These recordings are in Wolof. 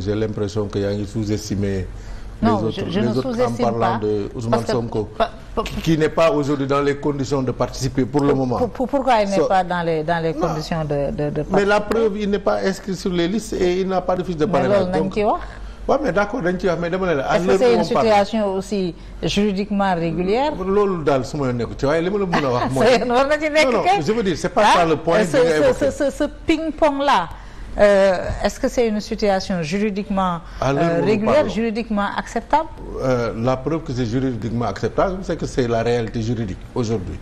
j'ai l'impression que yaa ngi sous-estimé non, je, je les parlant de Ousmane que, qui n'est pas aujourd'hui dans les conditions de participer pour le moment. Pour, il n'est pas dans les conditions de, participer mais la il n'est pas inscrit sur les listes et il n'a pas de fiche de parrainage. donc mais loolu waaw mais la. à l' est ce que c' est une situation aussi nekk ci je veux dire c' pas ça ah, le point. bi ce ce ce euh, est-ce que c'est une situation juridiquement ah, euh, régulière, juridiquement acceptable euh, La preuve que c'est juridiquement acceptable, c'est que c'est la réalité juridique aujourd'hui.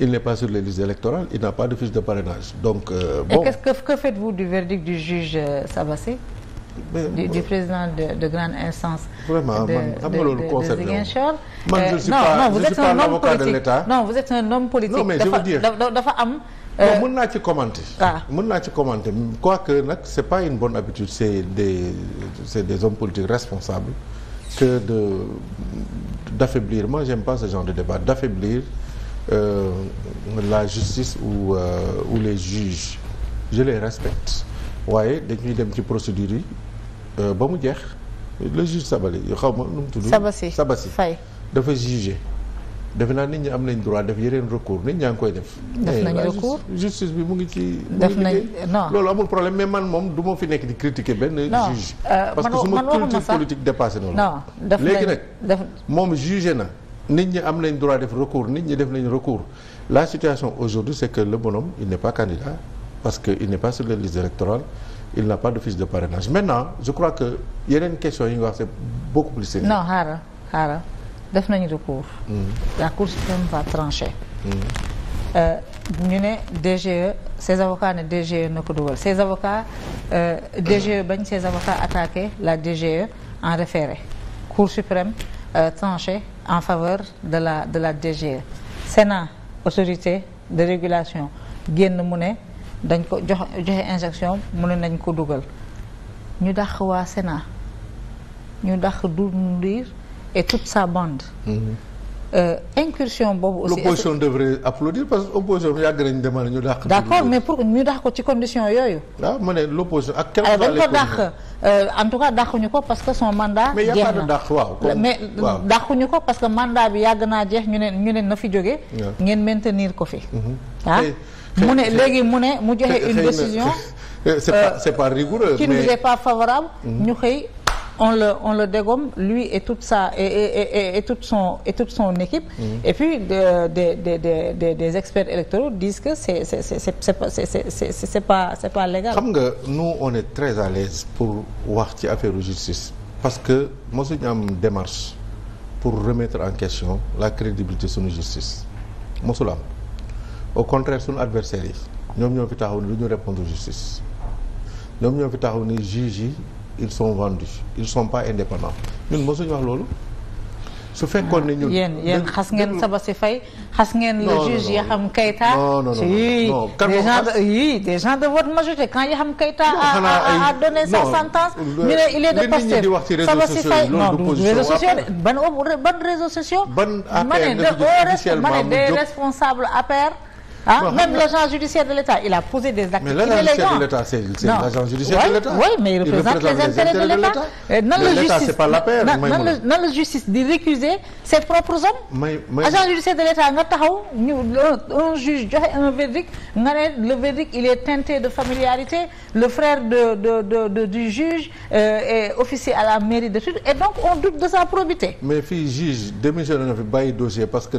Il n'est pas sur les listes électorales, il n'a pas de fiche de parrainage. Donc, euh, Et bon. qu que, que faites-vous du verdict du juge euh, Sabassé du, du président de grande instance. vraiment man xam nga loolu concerné Ziguinchor. man je euh, suis pas je suis pas l'avocat de l'État non vous êtes un homme politique non mais je veux dire dafa dafa non euh, mën naa ci commenter. Ah. mën naa ci commenter quoique nag c'est pas une bonne habitude c'est des c'est des hommes politiques responsables que de d'affaiblir moi j'aime pas ce genre de débat d'affaiblir euh, la justice ou euh, ou les juges je les respecte. waaye dañuy dem ci procédure yi euh, ba mu jeex le juge Sabali yoo xaw ma nu mu tudd. Sabasi Sabasi Faye dafa jugé. defe naa nit ñi am nañ droit def yeneen recours nit ñaa ngi koy def. def eh, nañu recours justice bi mu ngi ci. def nañ non loolu amul problème mais man moom du ma fi nekk di critiquer benn juge euh, parce que suma dépassé na la. non léegi nag moom jugé na. nit ñi am nañ droit def recours nit ñi def nañ recours la situation aujourd'hui c'est que le bonhomme il n'est pas candidat. parce que il n'est pas sur les listes électorales il n'a pas de fiche de parrainage maintenant je crois que yeneen question yi nga wax beaucoup plus non xaaral xaaral def nañu recours hmm. la Cour suprême va trancher hmm. euh, ñu ne DGE ses avocats ne DGE na ko dugal ses avocats euh, DGE euh. bañ ses avocats attaqué la DGE en référé Cour suprême euh, en faveur de la de la DGE Sénat autorité de régulation génn mu ne dañ ko jox joxe injection mu ne nañ ko dugal ñu dàq waa Sénat ñu dàq Doudou Ndir et toute sa bande. Mhm. Euh, incursion boobu aussi l'opposition devrait applaudir parce que opposition yàgg nañu demal ñu dàq. d'accord mais pour ñu dàq ko ci condition yooyu. waaw ah, ma ne l'opposition euh, en tout cas dàquñu ko parce que son mandat. jeex na mais ñu ko parce que mandat bi yàgg naa jeex ñu ne ñu ne na fi jóge ngeen maintenir ko fi. Mhm. ah mu ne léegi mu ne mu joxe eh, une décision c'est pas euh, c'est rigoureux qui ne nous est pas favorable mhm. ñu xëy on le on le dégomme lui et toute sa et et, et, et toute son et toute son équipe. Mmh. et puis des des des des experts électoraux disent que c'est c'est c'est c'est pas c'est c'est légal. xam nga nous on est très à l'aise pour wax ci affaire justice parce que mosuñu am démarche pour remettre en question la crédibilité sunu justice mosul am. au contraire suñu adversaire yi ñoom ñoo fi taxaw ni du ñu répondre justice ñoom fi taxaw ni juges yi ils sont vendus ils sont pas indépendants ñun mosuñu wax loolu su fekkoon ne ñun yéen yéen xas ngeen saba si fay xas ngeen le juge yi xam kayta non non non des gens yi des gens de votre majorité quand yi xam kayta a donné sa sentence ñu il est de Pastef saba si fay non du réseaux ban ban sociaux ban ma ne de au reste ah l'agent judiciaire de l'État il a posé des actes illégaux mais l'agent judiciaire de l'État c'est l'agent de l'État euh, oui mais il de l'État nan la justice c'est pas la la justice di récuser ses propres hommes agent judiciaire de l'État nga taxaw ñu un juge joxe un verdict nga ne le verdict il est teinté de familiarité le frère de de de juge euh, est officier à la mairie de Sud et donc on doute de sa probité mais fii juge démissionné na fi bàyyi dossier parce que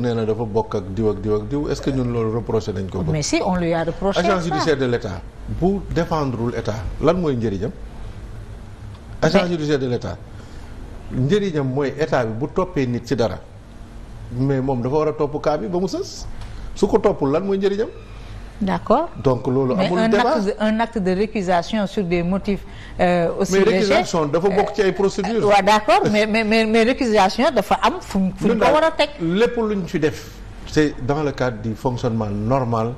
nañ ko. mais si on lui a reproché agence judiciaire de l' état bu défendrul état lan mooy njëriñam. agence judiciaire de l' état mooy état bi bu toppee nit ci dara mais moom dafa war a topp cas bi ba mu sës su ko toppul lan mooy njëriñam. d' accord donc loolu amul débat mais un acte de récusation sur des motifs. Euh, aussi légers mais récusation dafa bokk ci ay euh, procédures. waaw d' accord mais mais mais récusation dafa am. fu ñu ko war a teg lépp luñ fi def. c'est dans le cadre du fonctionnement normal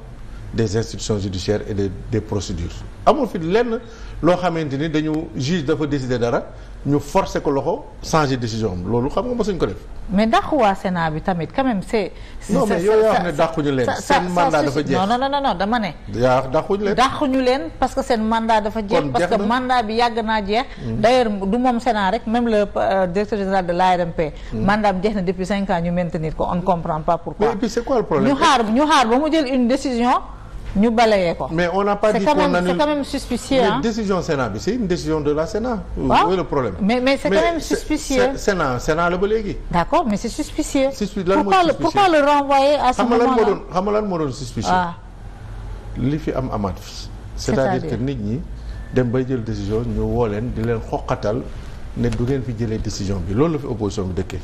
des institutions judiciaires et des des procédures amul fi lenn loo xamante ni dañu juge dafa décider dara ñu forcer ko loxo changer décision am loolu xam nga mosuñ ko def. mais dàqu waa bi tamit quand même c'est. non mais yooyu wax ne leen. seen ne. yaa dàquñu leen que seen mandat dafa jeex. parce que mandat bi yàgg naa jeex. Mm. d'ailleurs du moom Sénat rek même le euh, directeur général de l'ARMP. Mm. mandat bi jeex na depuis cinq ans ñu maintenir ko on comprend pas pourquoi. mais et puis c'est quoi le ñu xaar ba mu jël une décision. ñu balayee ko. mais on n'a pas dit qu'on annule c'est quand décision Sénat bi c'est une décision de la Sénat. waaw où ah. est le problème. mais mais c'est quand même suspicieux. Sénat Sénat la ba léegi. d'accord mais lan moo suspicieux ce moment-là xam nga lan moo doon xam nga lan moo doon ah. li fi am amaat fi. c'est-à-dire que nit ñi dem bay jël décision ñu woo leen di leen xoqatal ne du ngeen fi jëlee décision bi loolu la fi opposition bi dëkkee.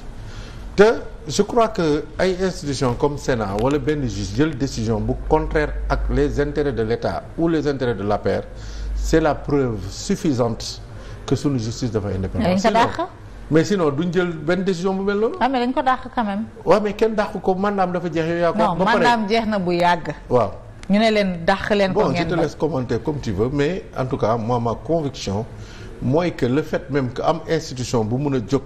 te je crois que ay institution comme Sénat wala benn juge jël décision bu contraire ak les intérêts de l'État ou les intérêts de l'APR c'est la preuve suffisante que sunu justice dafa indépendante mais sinon duñ jël benn décision bu mel noonu. ah mais dañ ko dàq quand même. waaw kenn dàq ko mandaam dafa jeex yow yaa ko. ba pare non jeex na bu yàgg. waaw ñu ne leen dàq leen. ko ngeen bon je mais en tout cas moi ma conviction mooy que le fait même que am institution bu mun a jóg.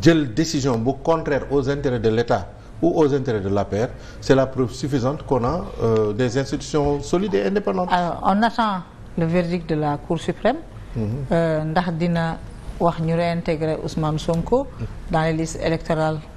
jël décision bu contraire aux intérêts de l'État ou aux intérêts de l'APR c'est la preuve suffisante qu'on euh, des institutions solides et indépendantes. alors on attend le verdict de la Cour suprême. Mhm. Euh, ndax dina wax ñu réintégrer Ousmane Sonko dans les listes électorales.